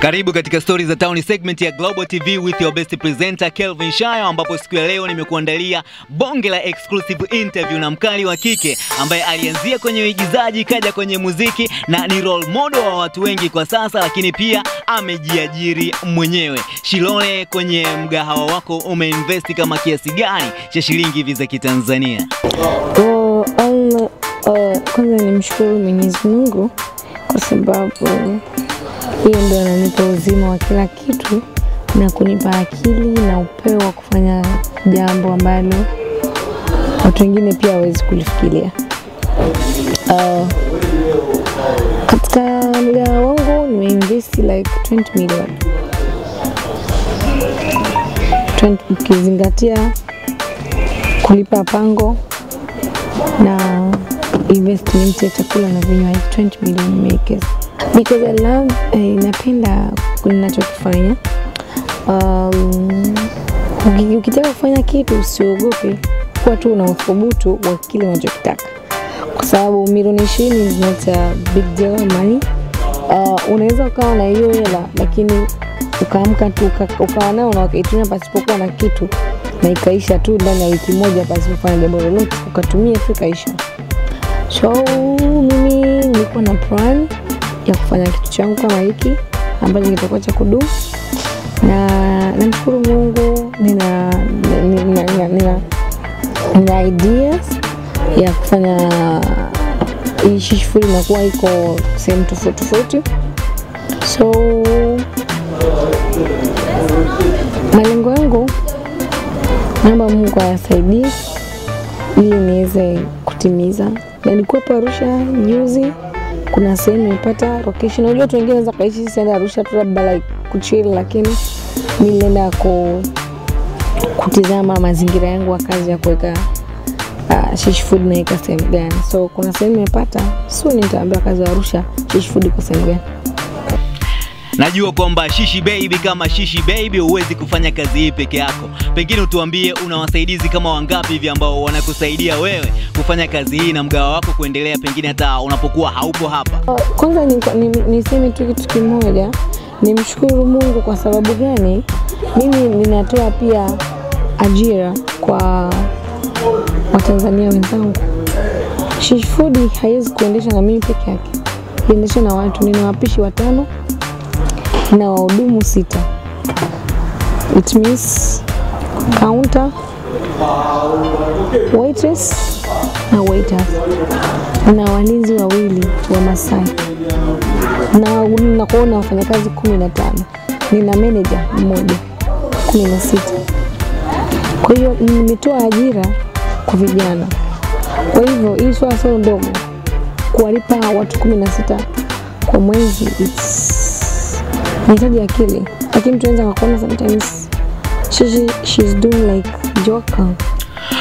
Karibu katika stori za Town segment ya Global TV with your best presenter Kelvin Shayo, ambapo siku ya leo nimekuandalia bonge la exclusive interview na mkali wa kike ambaye alianzia kwenye uigizaji kaja kwenye muziki na ni role model wa watu wengi kwa sasa, lakini pia amejiajiri mwenyewe. Shilole, kwenye mgahawa wako umeinvesti kama kiasi gani cha shilingi hivi za Kitanzania? Oh, uh, Allah, uh, kwanza nimshukuru Mwenyezi Mungu kwa sababu hiyo ndio inanipa uzima wa kila kitu na kunipa akili na upeo wa kufanya jambo ambalo watu wengine pia hawezi kulifikiria. Uh, katika mgawa wangu nimeinvest like 20 million 20, ukizingatia kulipa pango na investment ya chakula na vinywaji 20 million makers because I love eh, napenda ninachokifanya. Um, ukitaka kufanya kitu usiogope, kuwa tu na uthubutu wa kile unachokitaka, kwa sababu milioni ishirini is not a big deal money. Uh, unaweza ukawa na hiyo hela lakini ukaamka tu ukawa nao na ukaitumia pasipokuwa na kitu na ikaisha tu ndani ya wiki moja pasipofanya jambo lolote, ukatumia tu ikaisha. So mimi nilikuwa na plan ya kufanya kitu changu kama hiki ambacho kitakuwa cha kudumu na namshukuru mungu nina, nina, nina, nina, nina ideas ya kufanya hii shughuli inakuwa iko sehemu tofauti tofauti so malengo yangu naomba mungu ayasaidie ili niweze kutimiza na nilikuwepo arusha juzi kuna sehemu imepata location. Unajua watu wengine wanaweza kaishi sisi enda Arusha tu labda like kuchili, lakini mi nilienda ku kutizama mazingira yangu ya kazi ya kuweka uh, shish food naika sehemu gani. So kuna sehemu imepata, soon nitaambia kazi ya Arusha shish food iko sehemu gani. Najua kwamba Shishi Baby kama Shishi Baby huwezi kufanya kazi hii peke yako. Pengine utuambie una wasaidizi kama wangapi hivi ambao wanakusaidia wewe kufanya kazi hii na mgawa wako kuendelea, pengine hata unapokuwa haupo hapa. Kwanza niseme ni, ni tu kitu kimoja, nimshukuru Mungu. Kwa sababu gani? Mimi ninatoa pia ajira kwa Watanzania wenzangu. Shishi Food haiwezi kuendesha na mimi peke yake, iendeshe na watu. Nina wapishi watano na wahudumu sita. It means counter, waitress na waiter na walinzi wawili wa Masai na nakuona wafanyakazi kumi na tano. Nina meneja mmoja, kumi na sita. Kwa hiyo nimetoa ajira kwa vijana. Kwa hivyo hii swala sio ndogo, kuwalipa watu kumi na sita kwa mwezi it's nahitaji akili, lakini mtu anaweza kuona sometimes she, she's doing like joker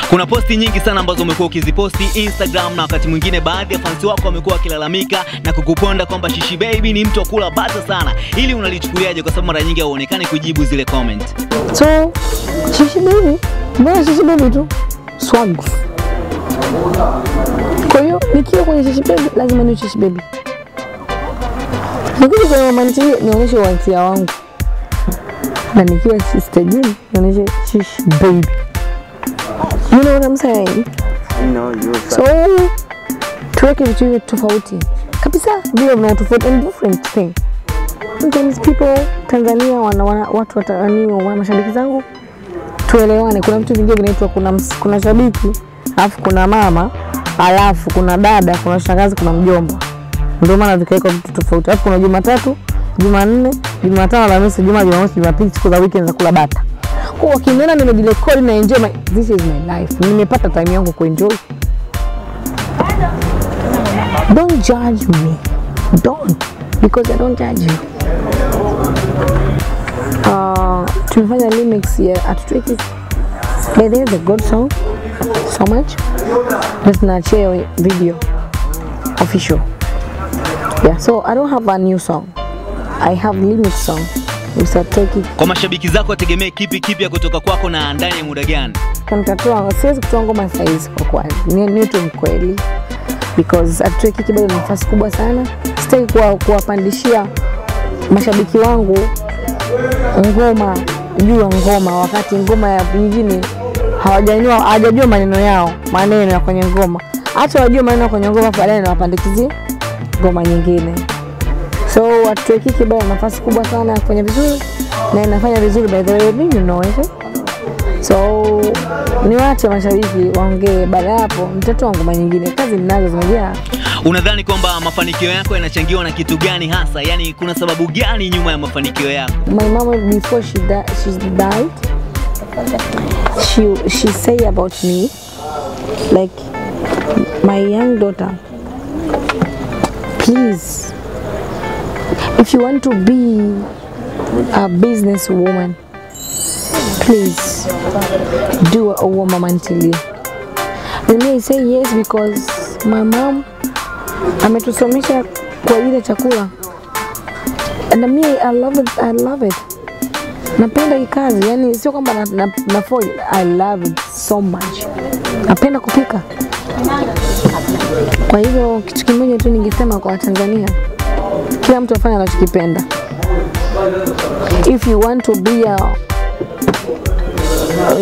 kuna posti nyingi sana ambazo umekuwa ukiziposti Instagram na wakati mwingine baadhi ya fansi wako wamekuwa wakilalamika na kukuponda kwamba Shishi Baby ni mtu akula bata sana. Hili unalichukuliaje? Kwa sababu mara nyingi hauonekani kujibu zile comment. So Shishi Baby, mbona Shishi Baby tu swag. Kwa hiyo nikiwa kwenye Shishi Baby lazima ni Shishi Baby. Nikuja kwenye romanti hiyo nionyeshe uhalisia wangu, na nikiwa sistajini nionyeshe shish baby. You know what I'm saying? so tuweke vitu hivyo tofauti kabisa, vile vina tofauti and different thing. Sometimes people Tanzania wana, wana watu watanio wana mashabiki zangu, tuelewane. Kuna mtu vingine vinaitwa kuna, kuna shabiki alafu kuna mama alafu kuna dada kuna shangazi kuna mjomba ndio maana vikawekwa vitu tofauti. Alafu kuna Jumatatu, Jumanne, Jumatano, Alhamisi, Ijumaa, Jumamosi, Jumapili, siku za weekend za kula bata. Kwa wakiniona nimejirekodi na enjoy my, this is my life. Nimepata time yangu kuenjoy. Don't judge me. Don't because I don't judge you. Uh, tumefanya remix ya Atutweki. By the way, the God song so much. Ndio tunaachia video official yeah, so I don't have a new song. I have limit song. Kwa mashabiki zako wategemee kipi kipya kutoka kwako na ndani ya muda gani? Kanitatua, siwezi kutoa ngoma saa kwa kweli, ni, ni tu mkweli because Atray Kiki bado nafasi kubwa sana. Sitaki kuwapandishia mashabiki wangu ngoma juu ya ngoma, wakati ngoma ya nyingine hawajajua hawajajua maneno yao maneno ya kwenye ngoma, hata wajue maneno kwenye ngoma, baadaye nawapandikizie ngoma nyingine. So watuweki kibao nafasi kubwa sana ya kufanya vizuri na inafanya vizuri by the way, mimi it. so ni wache mashabiki waongee. Baada ya hapo, mtoto ngoma nyingine, kazi ninazo zimejaa. Unadhani kwamba mafanikio yako yanachangiwa na kitu gani hasa? yani kuna sababu gani nyuma ya mafanikio yako? My mom before she, she died she, she say about me like my young daughter please if you want to be a business woman please do a woman until you and me say yes because my mom ametusomesha kwa ile chakula na mi I love it, I love it. Napenda hii kazi yani, sio kwamba na, na, na I love it so much. Napenda kupika. Kwa hivyo kitu kimoja tu ningesema kwa Tanzania, kila mtu afanye anachokipenda. If you want to be a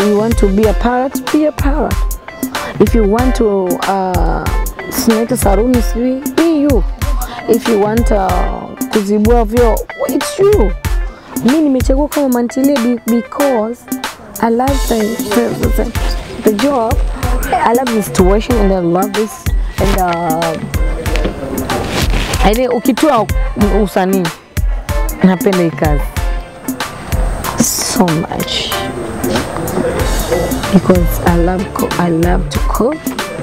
you want to be a parrot, be a parrot. If you want to uh, sinaita saruni sijui, be you. If you want uh, kuzibua vyo it's you. Mi nimechagua kama mantilie because I love the, the, the, the job. I love the situation and I love this and uh, yaani ukitua usanii napenda hii kazi so much because I love cook, I love to cook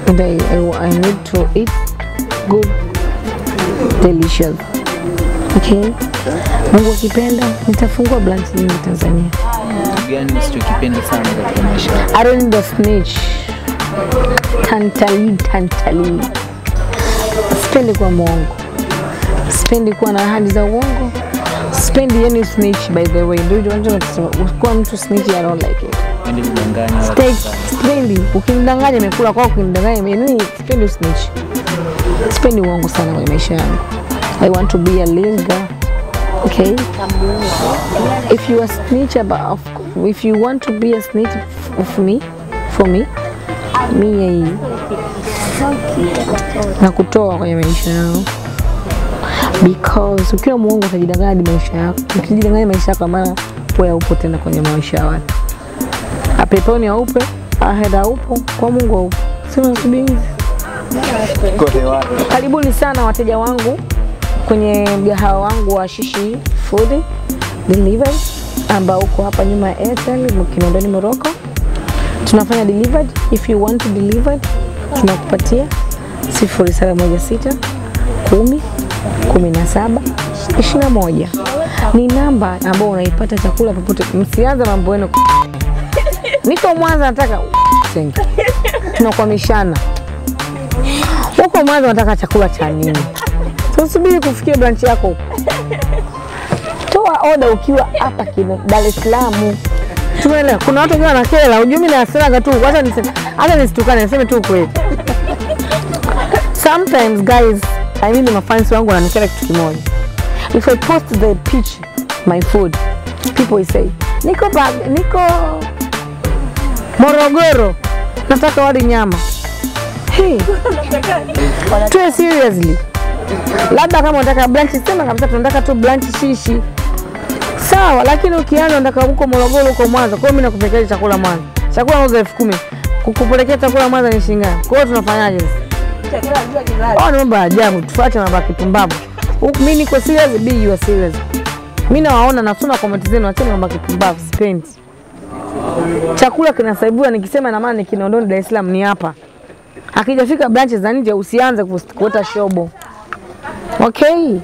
and I, I, I need to eat good delicious okay. Mungu akipenda nitafungua branch nyingi Tanzania. Gani usichokipenda sana katika maisha? I don't need a snitch tantali tantali. Sipendi kuwa mwongo, sipendi kuwa na ahadi za uongo, sipendi yani snitch. By the way, ndio unachosema kuwa mtu snitch, I don't like it. Sipendi ukinidanganya, imekula kwako, ukinidanganya nini, sipendi snitch, sipendi uongo sana kwa maisha yangu. I want to be a leader. Okay. If you are snitch about, if you want to be a snitch of me, for me, mia hii na kutoa kwenye maisha yao because ukiwa muongo utajidanganya maisha yako. Ukijidanganya maisha yako, maana wewe upo tena kwenye maisha ya watu. Apeponi aupe, aheda upo, kwa Mungu aupo. Sema subiri. Karibuni sana wateja wangu kwenye mgahawa wangu wa Shishi Food Delivery ambao uko hapa nyuma ya Airtel Kinondoni Morocco. Tunafanya delivered, if you want to delivered tunakupatia 0716 10 17 21 ni namba ambayo unaipata chakula popote. Msianza mambo yenu, niko Mwanza nataka tunakwamishana huko Mwanza, nataka chakula cha nini? Tusubiri kufikia branch yako, toa oda ukiwa hapa Dar es Salaam. Tumeelewa. Kuna watu wengine wanakela, ujumi na hasira tu. Wacha niseme hata nisitukane, niseme tu kweli. Sometimes guys, I mean mafansi wangu wananikela kitu kimoja. If I post the pitch my food, people will say, niko bag, niko Morogoro, nataka wali nyama. Hey. Tuwe seriously. Labda kama unataka blanchi, sema kabisa tunataka tu blanchi shishi sawa, lakini ukienda ndaka huko Morogoro, huko Mwanza, kwa mimi nakupelekea chakula Mwanza, chakula nauza elfu kumi kukupelekea chakula Mwanza ni shilingi ngapi? Kwa hiyo tunafanyaje? Oh, ni mambo ya ajabu, tufuate mambo ya kipumbavu. Mimi niko serious, be you are serious. Mimi nawaona nasoma comment zenu, acheni mambo ya kipumbavu, sipendi. Chakula kinasaibiwa, nikisema na maana ni Kinondoni, Dar es Salaam ni hapa. Akijafika branches za nje usianze kuota shobo. Okay.